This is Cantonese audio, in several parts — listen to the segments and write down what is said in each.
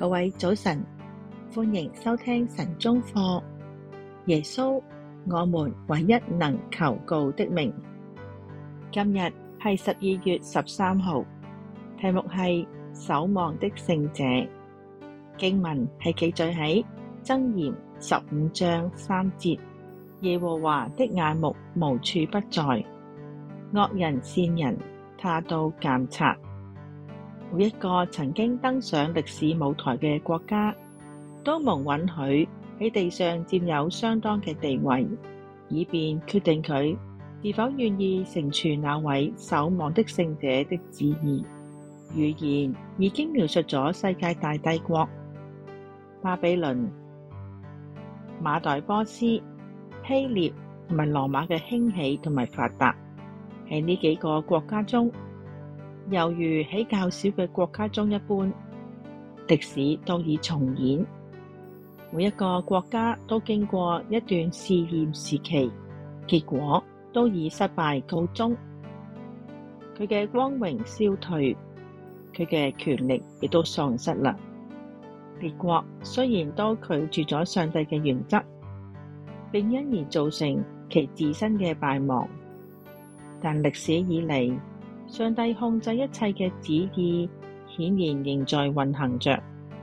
各位早晨，歡迎收聽晨鐘課。耶穌，我們唯一能求告的名。今日係十二月十三號，題目係守望的聖者。經文係記載喺箴言十五章三節：耶和華的眼目無處不在，惡人善人他都監察。每一個曾經登上歷史舞台嘅國家，都蒙允許喺地上佔有相當嘅地位，以便決定佢是否願意成全那位守望的聖者的旨意。語言已經描述咗世界大帝國巴比倫、馬代波斯、希臘同埋羅馬嘅興起同埋發達，喺呢幾個國家中。猶如喺較小嘅國家中一般，歷史都已重演。每一個國家都經過一段試驗時期，結果都以失敗告終。佢嘅光榮消退，佢嘅權力亦都喪失啦。別國雖然都拒絕咗上帝嘅原則，並因而造成其自身嘅敗亡，但歷史以嚟。上帝控制一切嘅旨意，顯然仍在運行着。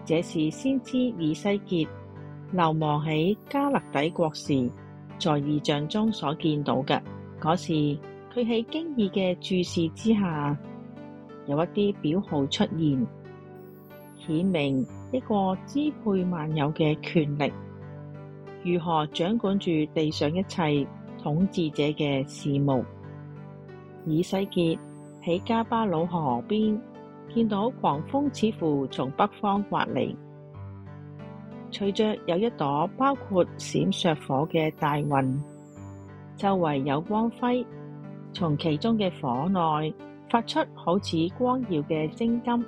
這是先知以西結流亡喺迦勒底國時，在異象中所見到嘅。嗰時，佢喺驚異嘅注視之下，有一啲表號出現，顯明一個支配萬有嘅權力，如何掌管住地上一切統治者嘅事務。以西結。喺加巴魯河邊，見到狂風似乎從北方刮嚟。隨着有一朵包括閃爍火嘅大雲，周圍有光輝，從其中嘅火內發出好似光耀嘅精金。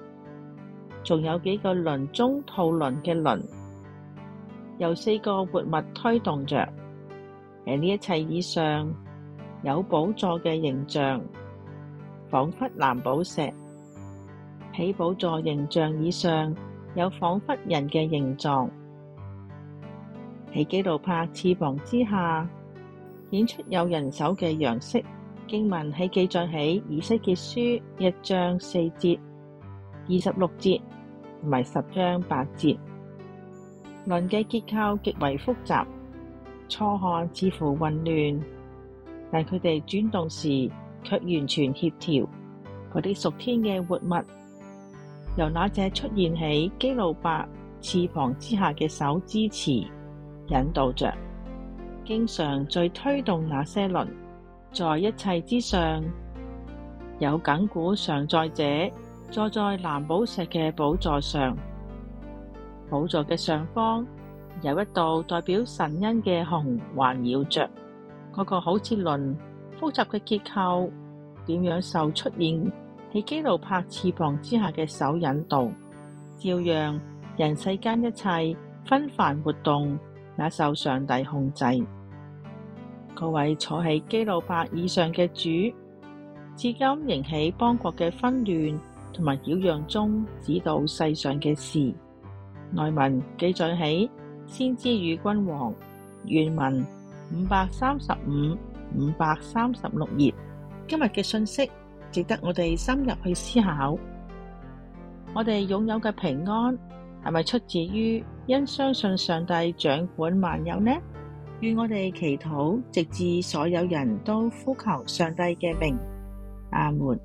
仲有幾個輪中套輪嘅輪，由四個活物推動着。喺呢一切以上有寶座嘅形象。彷彿藍寶石，起寶座形象以上有彷彿人嘅形狀。喺基路伯翅膀之下顯出有人手嘅樣式。經文係記載喺以西結書一章四節二十六節，同埋十章八節。輪嘅結構極為複雜，初看似乎混亂，但佢哋轉動時，卻完全協調，嗰啲屬天嘅活物，由那隻出現喺基路伯翅膀之下嘅手支持，引導着，經常最推動那些輪，在一切之上有亙古常在者，坐在藍寶石嘅寶座上，寶座嘅上方有一道代表神恩嘅虹環繞着，嗰、那個好似輪複雜嘅結構點樣受出現喺基路伯翅膀之下嘅手引導，照樣人世間一切紛繁活動也受上帝控制。各位坐喺基路伯以上嘅主，至今仍喺邦國嘅紛亂同埋擾攘中指導世上嘅事。內文記載起先知與君王原文五百三十五。五百三十六頁，今日嘅信息值得我哋深入去思考。我哋擁有嘅平安係咪出自於因相信上帝掌管萬有呢？願我哋祈禱，直至所有人都呼求上帝嘅名。阿門。